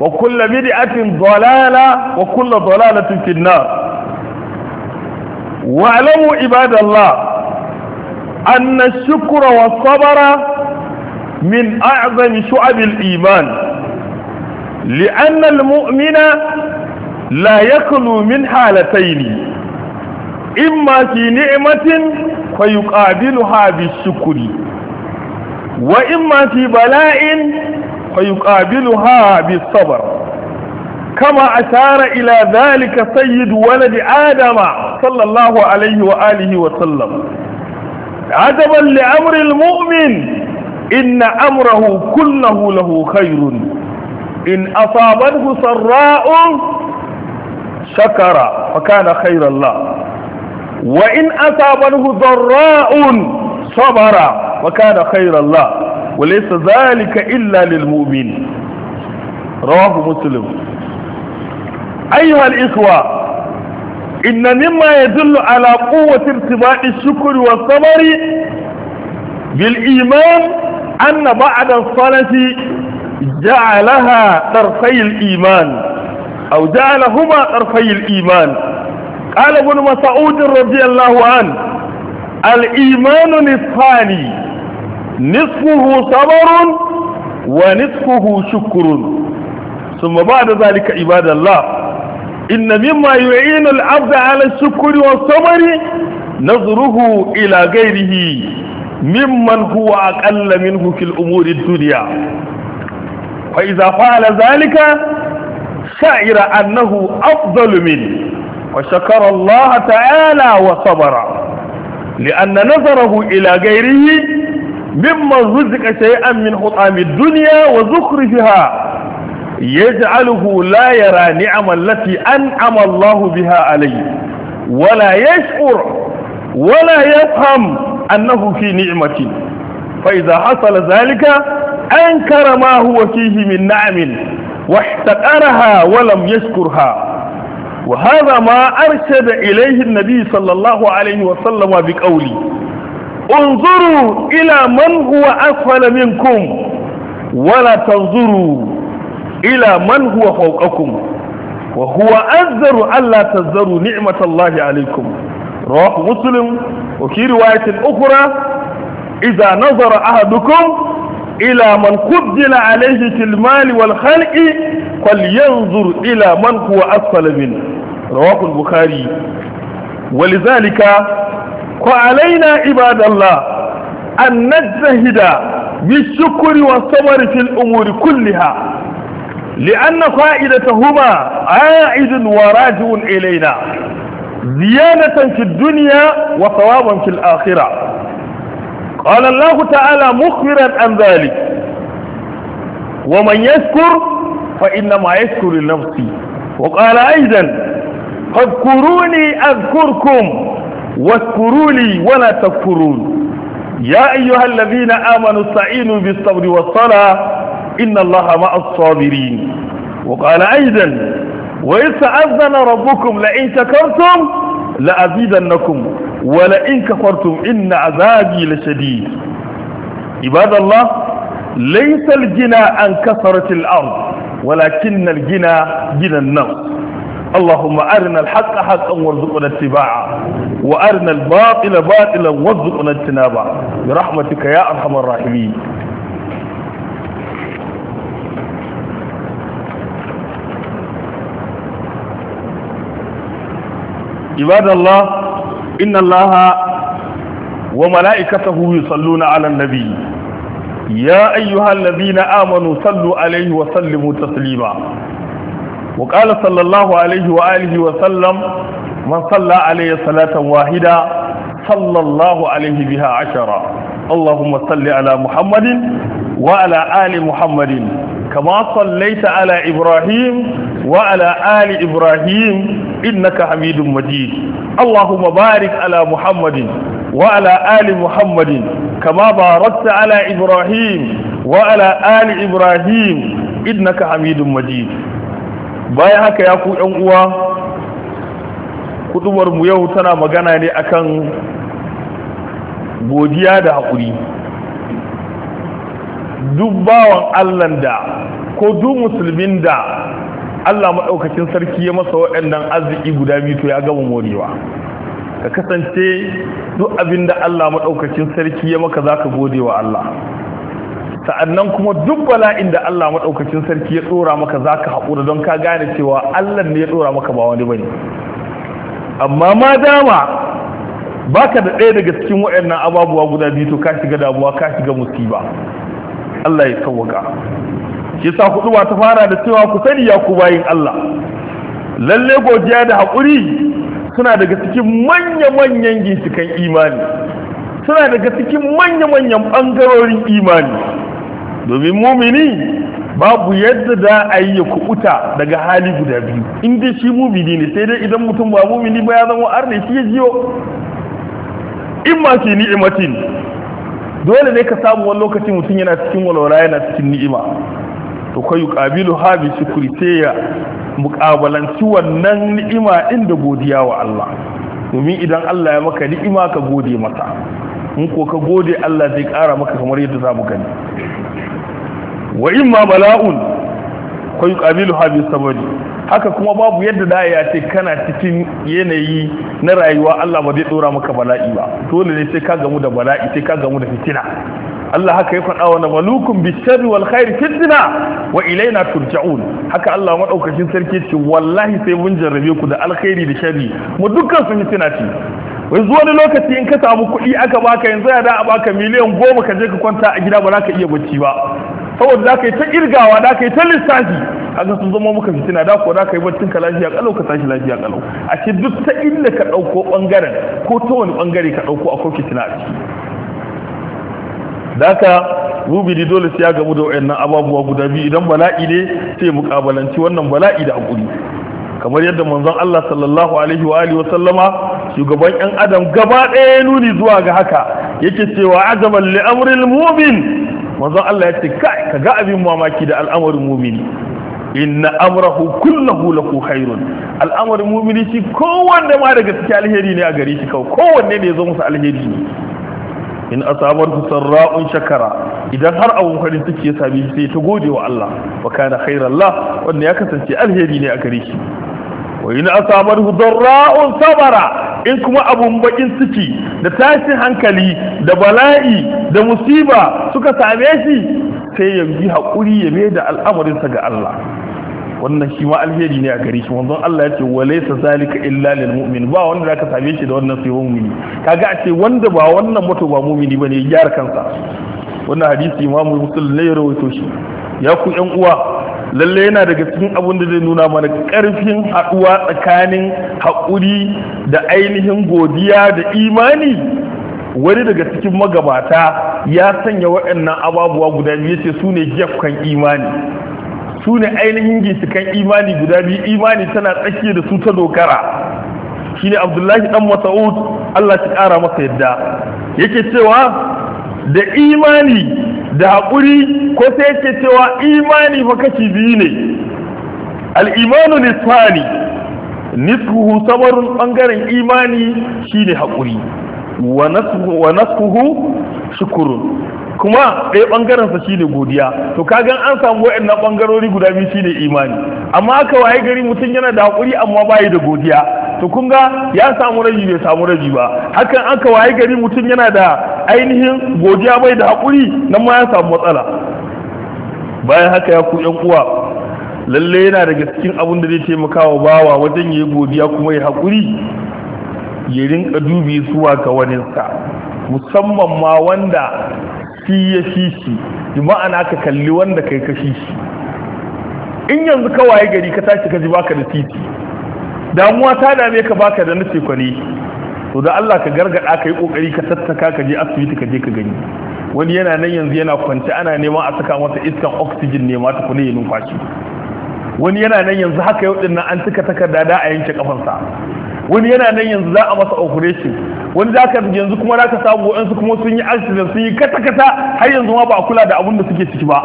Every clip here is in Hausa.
وكل بدعة ضلالة وكل ضلالة في النار واعلموا عباد الله أن الشكر والصبر من أعظم شعب الإيمان لأن المؤمن لا يخلو من حالتين إما في نعمة فيقابلها بالشكر وإما في بلاء فيقابلها بالصبر كما أشار إلى ذلك سيد ولد آدم صلى الله عليه وآله وسلم عجبا لأمر المؤمن إن أمره كله له خير إن أصابته سراء شكر فكان خير الله وإن أصابته ضراء صبر وكان خير الله وليس ذلك إلا للمؤمن رواه مسلم أيها الإخوة إن مما يدل على قوة ارتباط الشكر والصبر بالإيمان أن بعد الصلاة جعلها طرفي الإيمان أو جعلهما طرفي الإيمان قال ابن مسعود رضي الله عنه الإيمان نصفاني نصفه صبر ونصفه شكر ثم بعد ذلك عباد الله إن مما يعين العبد على الشكر والصبر نظره إلى غيره ممن هو أقل منه في الأمور الدنيا فإذا فعل ذلك شعر أنه أفضل منه وشكر الله تعالى وصبر لأن نظره إلى غيره mimman ruzika shay'an min hutami dunya wa zukhrifiha yaj'aluhu la yara ni'amal lati an amallahu biha alayhi wala yash'ur wala yafham annahu fi ni'mati fa idha hasala dhalika ankara ma huwa fihi min na'amin واحتقرها ولم يشكرها وهذا ما أرشد إليه النبي صلى الله عليه وسلم بقوله انظروا إلى من هو أسفل منكم ولا تنظروا إلى من هو فوقكم وهو أذر ألا تذروا نعمة الله عليكم رواه مسلم وفي رواية أخرى إذا نظر أحدكم إلى من قدل عليه في المال والخلق فلينظر إلى من هو أسفل منه رواه البخاري ولذلك وعلينا عباد الله أن نجتهد بالشكر والصبر في الأمور كلها لأن فائدتهما عائد وراجع إلينا زيادة في الدنيا وثوابا في الآخرة قال الله تعالى مخبرا عن ذلك ومن يشكر فإنما يشكر لنفسه وقال أيضا فاذكروني أذكركم واذكروا لي ولا تكفرون يا أيها الذين آمنوا استعينوا بالصبر والصلاة إن الله مع الصابرين وقال أيضا وإذ تأذن ربكم لئن شكرتم لأزيدنكم ولئن كفرتم إن عذابي لشديد عباد الله ليس الجنى عن كثرة الأرض ولكن الجنى جنى النفس اللهم أرنا الحق حقا وارزقنا اتباعه وأرنا الباطل باطلا وارزقنا اجتنابه برحمتك يا أرحم الراحمين عباد الله إن الله وملائكته يصلون على النبي يا أيها الذين آمنوا صلوا عليه وسلموا تسليما وقال صلى الله عليه وآله وسلم من صلى عليه صلاة واحدة صلى الله عليه بها عشرة اللهم صل على محمد وعلى آل محمد كما صليت على إبراهيم وعلى آل إبراهيم إنك حميد مجيد اللهم بارك على محمد وعلى آل محمد كما باركت على إبراهيم وعلى آل إبراهيم إنك حميد مجيد bayan haka ya ku yan uwa kudubar mu yau tana magana ne akan godiya da haƙuri duk bawan allan da ko duk musulmin da allah maɗaukacin sarki ya masa waɗannan arziki guda biyu to ya gama morewa ka kasance duk abinda allah maɗaukacin sarki ya maka zaka ka gode wa allah sa'annan kuma duk bala'in da Allah maɗaukacin sarki ya tsora maka za ka haƙura don ka gane cewa Allah ne ya tsora maka ba wani bane amma ma dama ba ka da ɗaya daga cikin waɗannan ababuwa guda biyu to ka shiga damuwa ka shiga musiba Allah ya sauwaka shi sa hudu ba ta fara da cewa ku sani ya ku bayin Allah lalle godiya da haƙuri suna daga cikin manya-manyan ginshikan imani suna daga cikin manya-manyan ɓangarorin imani domin mumini babu yadda za a yi ya kubuta daga hali guda biyu in dai shi mumini ne sai dai idan mutum ba mumini ba ya zama ne shi ya jiyo in ma ce ni'imatin dole ne ka samu wani lokaci mutum yana cikin walwala yana cikin ni'ima to kai yuqabilu ha bi shukri ya muqabalanci wannan ni'ima inda da godiya wa Allah domin idan Allah ya maka ni'ima ka gode masa in ko ka gode Allah zai kara maka kamar yadda za mu gani wa in ma bala'un kai qabilu habi sabari haka kuma babu yadda da ya ce kana cikin yanayi na rayuwa Allah ba zai dora maka bala'i ba dole ne sai ka gamu da bala'i sai ka gamu da fitina Allah haka ya faɗa wa malukun bisharri wal khairi fitina. wa ilaina turja'un haka Allah madaukakin sarki ce wallahi sai mun jarrabe ku da alkhairi da sharri mu dukkan su fitina ce Wai zuwa wani lokaci in ka samu kuɗi aka baka yanzu ya da a baka miliyan goma ka je ka kwanta a gida ba za ka iya bacci ba saboda za ka yi ta irgawa za ka yi ta lissafi ga sun zama muka fitina da ko za ka yi ka lafiya kalau ka tashi lafiya kalau a ce duk ta inda ka ɗauko ɓangaren ko ta wani ɓangare ka ɗauko akwai fitina a ciki da ka rubidi dole sai ya gamu da wayannan ababuwa guda biyu idan bala'i ne sai kabalanci wannan bala'i da hakuri kamar yadda manzon Allah sallallahu alaihi wa alihi wa sallama shugaban yan adam gaba ɗaya nuni zuwa ga haka yake cewa azaman li amril mu'min manzon Allah ya ce ka ga abin mamaki da al'amarin mumini inna amrahu kullahu lahu khairun al'amarin mumini shi kowanne ma daga cikin alheri ne a gare shi kawai kowanne ne ya zo musu alheri ne in asabar sarra'un shakara idan har abun farin ciki ya sami sai ta gode wa Allah wa kana khairan la wanda ya kasance alheri ne a gare shi wa in asabar darra'un sabara in kuma abun bakin ciki da tashin hankali da bala'i da musiba suka same shi sai ya yi haƙuri ya mai da al'amarinsa ga Allah wannan shi ma alheri ne a gare shi manzon Allah ya ce wa laysa zalika illa lil mu'min ba wanda zaka same shi da wannan sai mu'mini kaga a ce wanda ba wannan mutu ba mu'mini bane ya gyara kansa wannan hadisi imamu muslim ne ya rawaito shi ya ku yan uwa lalle yana daga cikin abin da zai nuna mana karfin haɗuwa tsakanin haƙuri da ainihin godiya da imani wani daga cikin magabata ya sanya waɗannan ababuwa guda biyu ce su ne jefkan imani su ne ainihin ginsukan imani guda biyu imani tana tsakiya da su ta dogara ne abdullahi dan masa'ud Allah shi ƙara masa yadda yake cewa da imani da haƙuri ko sai yake cewa imani fa kashi biyu ne al-imanu lisani nisfuhu sabarun bangaren imani shine haƙuri wa nasfuhu shukurun kuma ɗaya bangaren sa shine godiya to kagan an samu wa'annan bangarori guda biyu shine imani amma aka waye gari mutum yana da haƙuri amma bayi da godiya to kun ga ya samu raji bai samu raji ba hakan aka waye gari mutum yana da ainihin godiya bai da haƙuri nan ma ya samu matsala bayan haka ya ku yan uwa lalle yana daga cikin abin da zai taimaka wa bawa wajen ya yi godiya kuma ya haƙuri ya rinka dubi zuwa ga waninsa musamman ma wanda shi ya shi shi bi ma'ana ka kalli wanda kai ka shi shi in yanzu ka waye gari ka tashi ka ji baka da titi damuwa ta dame ka baka da nace kwane to da Allah ka gargaɗa ka yi kokari ka tattaka ka je asibiti ka je ka gani wani yana nan yanzu yana kwance ana neman a saka masa iskan oxygen ne ma tukune ya numfashi wani yana nan yanzu haka yau dinnan an cika takarda da a yanke kafansa wani yana nan yanzu za a masa operation wani za ka yanzu kuma za ka samu wa'ansu kuma sun yi accident sun yi kata-kata har yanzu ma ba a kula da abin da suke ciki ba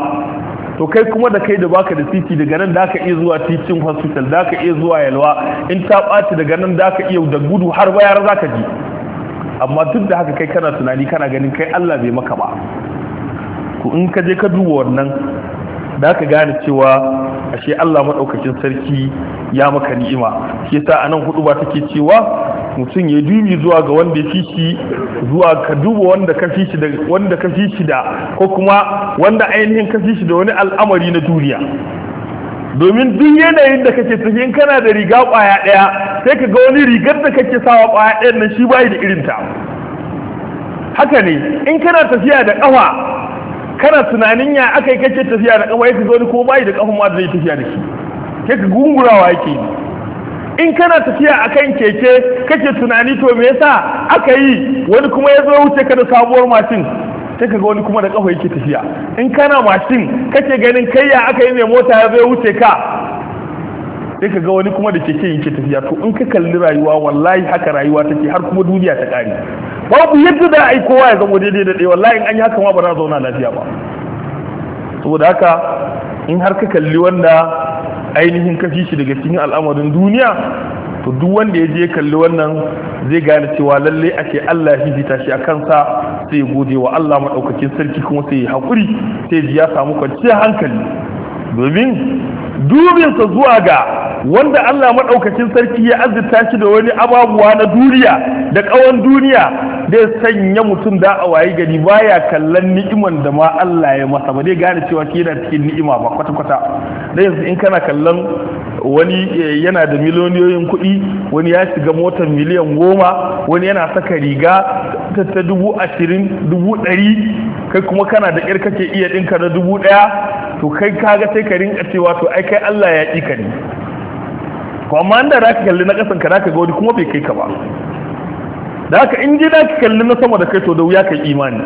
to kai kuma da kai da baka da titi daga nan da ka iya zuwa titin hospital da ka iya zuwa yalwa in ta ɓaci daga nan da ka iya da gudu har bayar za ka ji amma duk da haka kai kana tunani kana ganin kai allah bai maka ba ku in ka je ka duba wannan da ka gane cewa ashe Allah maɗaukacin sarki ya maka ni'ima shi yasa anan hudu ba take cewa mutum ya dubi zuwa ga wanda ya fishi zuwa ka duba wanda ka fishi da da ko kuma wanda ainihin ka fishi da wani al'amari na duniya domin duk yanayin da kake tafiyin kana da riga kwaya ɗaya sai ka ga wani rigar da kake sawa kwaya ɗayan nan shi bai da irin ta haka ne in kana tafiya da ƙafa. kana tunanin ya aka yi kake tafiya da kafa yake zo ni ko bai da kafin ma da zai tafiya da shi kai ka gungurawa yake yi in kana tafiya akan keke kake tunani to me yasa aka yi wani kuma ya zo wuce ka da sabuwar mashin sai ga wani kuma da kafa yake tafiya in kana mashin kake ganin kai ya aka yi mai mota ya zo wuce ka sai ga wani kuma da keke yake tafiya to in ka kalli rayuwa wallahi haka rayuwa take har kuma duniya ta kare babu yadda da ai kowa ya zama daidai da ɗewa wallahi an yi haka ma ba na zauna lafiya ba saboda haka in har ka kalli wanda ainihin kafi shi daga cikin al'amarin duniya to duk wanda ya je ya kalli wannan zai gane cewa lallai a ce Allah ya fifita shi a kansa sai ya gode wa Allah maɗaukakin sarki kuma sai ya haƙuri sai ji ya samu kwanciyar hankali domin dubinsa zuwa ga wanda Allah maɗaukacin sarki ya azurta shi da wani ababuwa na duniya da ƙawon duniya zai sanya mutum da a wayi gari baya kallon ni'iman da ma Allah ya masa ba zai gane cewa ke yana cikin ni'ima ba kwata kwata dai yanzu in kana kallon wani eh, yana da miliyoyin kuɗi wani ya shiga motar miliyan goma wani yana saka riga ta dubu ashirin dubu ɗari kai kuma kana da ƙyar kake iya ɗinka na dubu ɗaya to kai kaga sai ka rinka cewa to ai kai Allah ya ƙi ka ne to amma inda za ka kalli na ƙasan ka za ka ga wani kuma bai kai ka ba da haka in je ki kalli na sama da kai to da wuya kai imani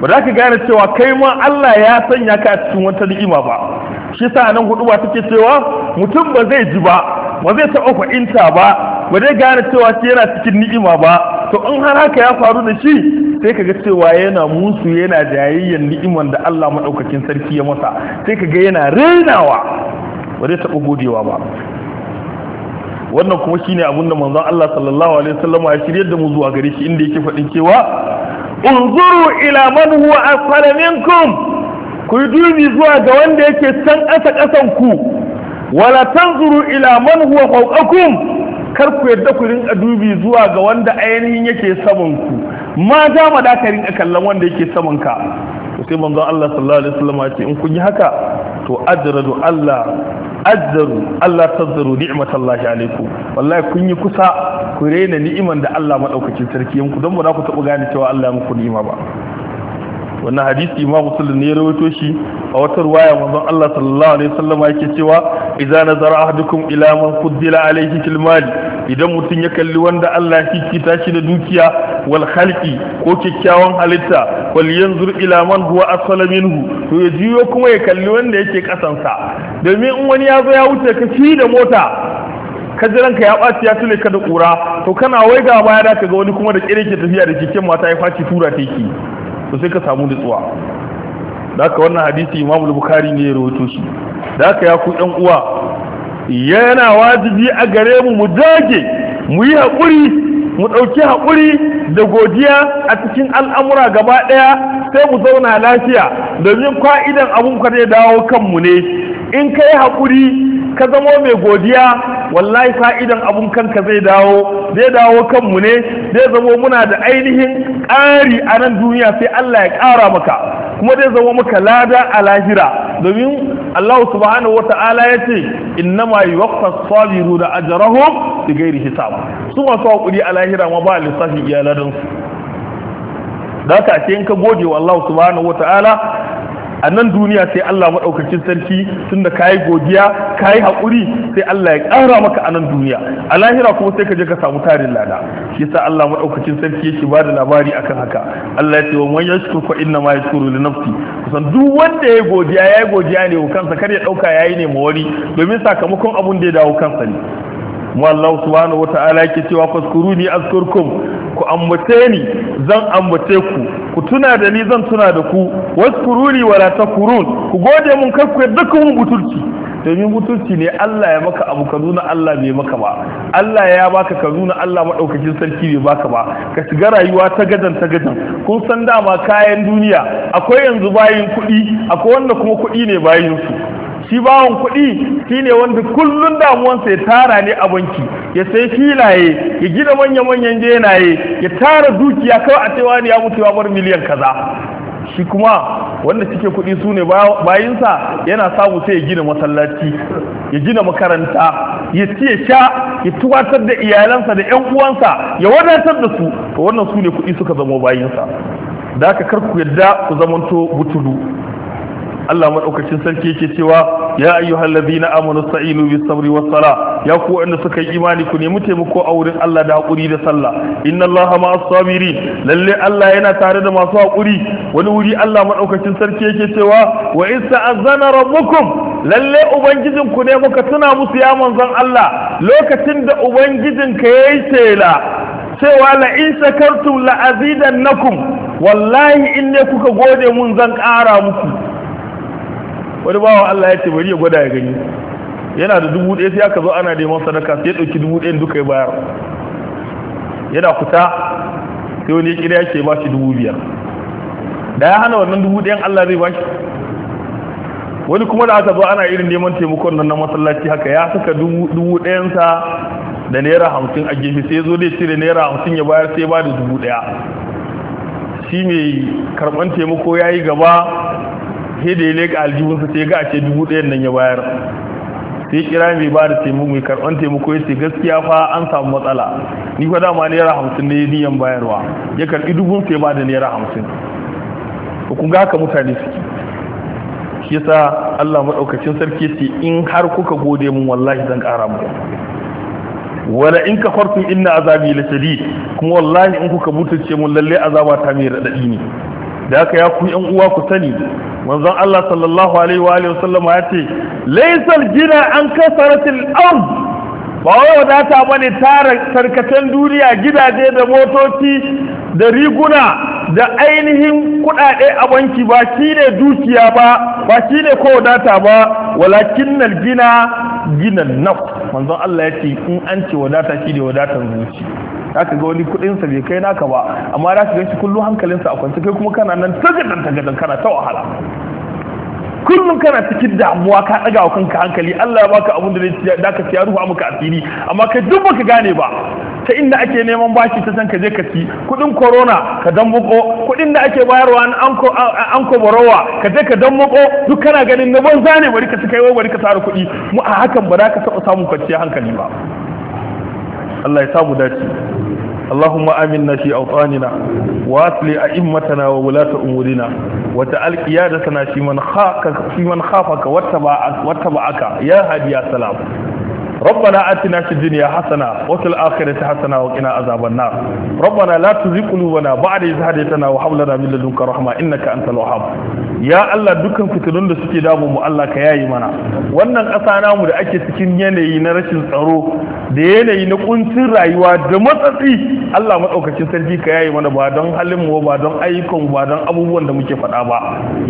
ba za ka gane cewa kai ma Allah ya sanya ka a cikin wata ni'ima ba shi sa nan hudu ba take cewa mutum ba zai ji ba ba zai taɓa fahimta ba ba zai gane cewa shi yana cikin ni'ima ba to in har haka ya faru da shi sai ka ga cewa yana musu yana jayayyar ni'iman da Allah maɗaukakin sarki ya masa sai ka ga yana rainawa ba zai taɓa godewa ba wannan kuma shine abun da manzon Allah sallallahu alaihi wasallam ya shiryar da mu zuwa gare shi inda yake faɗin cewa unzuru ila man huwa asfala minkum ku dubi zuwa ga wanda yake san ƙasa ƙasan ku wala tanzuru ila man huwa fawqakum kar ku yadda ku rinka dubi zuwa ga wanda ainihin yake saman ku ma da ma da ka rinka kallon wanda yake saman ka to sai manzon Allah sallallahu alaihi wasallam ya ce in kun yi haka to ajradu Allah azzaru Allah tazzaru ni'matallahi alaikum wallahi kun yi kusa ku rena ni'iman da Allah madaukakin sarki yanku don ba za ku taɓa gane cewa Allah ya muku ni'ima ba wannan hadisi imamu muslim ne ya rawaito shi a wata ruwaya manzon Allah sallallahu alaihi wasallam yake cewa idza nazara ahadukum ila man fuddila alaihi fil mal idan mutum ya kalli wanda Allah ya kikita shi da dukiya wal khalqi ko kikkiawan halitta wal yanzur ila man huwa asfala minhu to ya jiyo kuma ya kalli wanda yake kasansa domin in wani ya zo ya wuce ka ci da mota ka ji ranka ya ɓaci ya tule ka da ƙura to kana wai ga baya da ka ga wani kuma da ƙire ke tafiya da keken mata ya faci tura ta ki to sai ka samu nutsuwa da haka wannan hadisi imamu bukari ne ya rawaito shi da haka ya ku ɗan uwa yana wajibi a gare mu mu dage mu yi haƙuri mu ɗauki haƙuri da godiya a cikin al'amura gaba ɗaya sai mu zauna lafiya domin kwa'idan abun kwarai ya dawo kanmu ne in ka yi haƙuri ka zamo mai godiya wallahi fa'idan abun kanka zai dawo zai dawo kanmu ne zai zamo muna da ainihin ƙari a nan duniya sai Allah ya ƙara maka kuma zai zama maka lada a lahira domin Allah subhanahu wata'ala ya ce innama yuwaffa sabiru da ajrahum bi ghairi hisab su masu hakuri a lahira ma ba lissafi iyaladansu su da ka ce in ka gode wa Allah subhanahu wata'ala a nan duniya sai Allah maɗaukacin sarki tun da ka yi godiya ka yi haƙuri sai Allah ya ƙara maka a nan duniya a lahira kuma sai ka je ka samu tarin lada shi sa Allah maɗaukacin sarki yake ba da labari akan haka Allah ya ce wa man yashkur fa inna ma yashkuru li nafsi kusan duk wanda ya yi godiya ya yi godiya ne wa kansa kar ya ɗauka ya yi ne ma wani domin sakamakon abun da ya dawo kansa ne mu Allah subhanahu wa ta'ala yake cewa faskuruni azkurkum ku ambace ni zan ambace ku ku tuna da ni zan tuna da ku waskuruni wala takurun ku gode mun kar ku yadda kun butulci domin mutunci ne Allah ya maka abu ka nuna Allah bai maka ba Allah ya baka ka nuna Allah maɗaukakin sarki bai baka ba ka shiga rayuwa ta gadan ta gadan kun san dama kayan duniya akwai yanzu bayin kuɗi akwai wanda kuma kuɗi ne bayin su shi bawon kuɗi shi ne wanda kullum damuwansa ya tara ne a banki ya sai filaye ya gina manya-manyan jenaye ya tara dukiya kawai a cewa ne ya mutu ya bar miliyan kaza shi kuma wanda cike kuɗi su ne bayinsa yana samu sai ya gina masallaci ya gina makaranta ya ci ya sha ya tuwatar da iyalansa da 'yan uwansa ya wadatar da su to wannan su ne kuɗi suka zama bayinsa da aka kar ku yadda ku zamanto butulu Allah maɗaukacin sarki yake cewa ya ayyuhal ladina amanu sa'inu bis sabri was sala ya ku wanda suka yi imani ku nemi taimako a wurin Allah da hakuri da sallah inna Allaha ma'as sabirin lalle Allah yana tare da masu hakuri wani wuri Allah madaukakin sarki yake cewa wa in sa'azana rabbukum lalle ubangijin ku ne muka tuna musu ya manzon Allah lokacin da ubangijin ka yayi tela cewa la in shakartum la azidannakum wallahi in ne kuka gode mun zan ƙara muku wani bawa Allah ya ce bari ya gwada ya gani yana da dubu ɗaya sai aka zo ana neman sadaka sai ya ɗauki dubu ɗaya duka ya bayar yana kuta sai wani ya kira ya ce ba shi dubu biyar da ya hana wannan dubu ɗayan Allah zai ba shi wani kuma da aka zo ana irin neman taimakon nan na masallaci haka ya saka dubu ɗayansa da naira hamsin a gefe sai ya zo ya cire naira hamsin ya bayar sai ba da dubu ɗaya shi mai karɓan taimako ya yi gaba sai da ya leƙa aljihunsa sai ga ce dubu ɗayan nan ya bayar sai kira mai ba da taimako mai karɓar taimako ya ce gaskiya fa an samu matsala ni fa dama naira hamsin ne niyan bayarwa ya karɓi dubun sai ba da naira hamsin to kun ga haka mutane suke shi yasa Allah maɗaukacin sarki ce in har kuka gode mun wallahi zan ƙara muku wala in ka kafartum inna azabi la shadid kuma wallahi in kuka mutunce mun lalle azaba ta mai raɗaɗi ne da haka ya ku yan uwa ku sani manzon Allah sallallahu alaihi wa alihi wasallam ya ce laysal gina an kasaratil ard ba wai wadata bane tara tarkacen duniya gidaje da motoci da riguna da ainihin kudade a banki ba shine dukiya ba ba shine ko wadata ba walakin gina gina nafs manzon Allah ya ce in an ce wadata shi da wadatar zuci zaka ga wani kudin sa bai kai naka ba amma za ka kullum hankalinsa a kwance kai kuma kana nan tagadan tagadan kana ta wahala kullum kana cikin damuwa ka daga wa kanka hankali Allah ya baka abin da zai ka ya ruhu maka asiri amma kai duk baka gane ba ta inda ake neman bashi ta san ka je ka ci kudin corona ka dambuko kudin da ake bayarwa an anko borowa ka je ka dambuko duk kana ganin na banza ne bari ka ci kai bari ka tara kudi mu a hakan ba za ka taba samun kwanciyar hankali ba Allah ya samu dace اللهم آمنا في أوطاننا وأصل أئمتنا وولاة أمورنا وتعال قيادتنا في من خافك واتبعك, واتبعك يا هادي يا سلام ربنا آتنا في الدنيا حسنة وفي الآخرة حسنة وقنا عذاب النار ربنا لا تزغ قلوبنا بعد إذ هديتنا وهب لنا من لدنك رحمة إنك أنت الوهاب ya Allah dukkan fitilun da suke damu mu Allah ka yayi mana wannan ƙasa namu da ake cikin yanayi na rashin tsaro da yanayi na kuncin rayuwa da matsatsi Allah madaukakin sarki ka yayi mana ba don halin mu ba don ayyukan ba don abubuwan da muke faɗa ba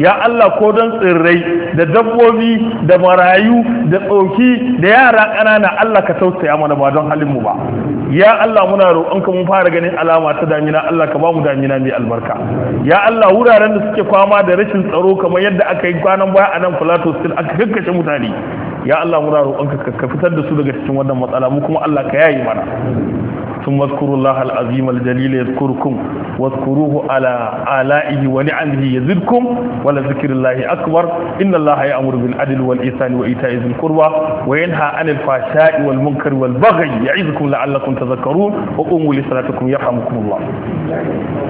ya Allah ko don tsirrai da dabbobi da marayu da tsoki da yara ƙanana Allah ka tausaya mana ba don halin mu ba ya Allah muna roƙonka mun fara ganin alama ta damina Allah ka ba mu damina mai albarka ya Allah wuraren da suke fama da rashin tsaro tsaro kamar yadda aka yi kwanan baya a nan kula sin aka kakkashe mutane ya Allah muna roƙonka ka fitar da su daga cikin wannan matsala mu kuma Allah ka yayi mana sun maskuru Allah al’azim aljalila ya zukuru kun waskuru hu ala ya zirkun wala zikirin lahi akwar inna Allah ya amur bin adil wal isani wa ita izin kurwa wa yin ha anil fasha’i wal ya izukun la’allakun ta zakaru wa ƙungu lissalatakun ya hamukun Allah.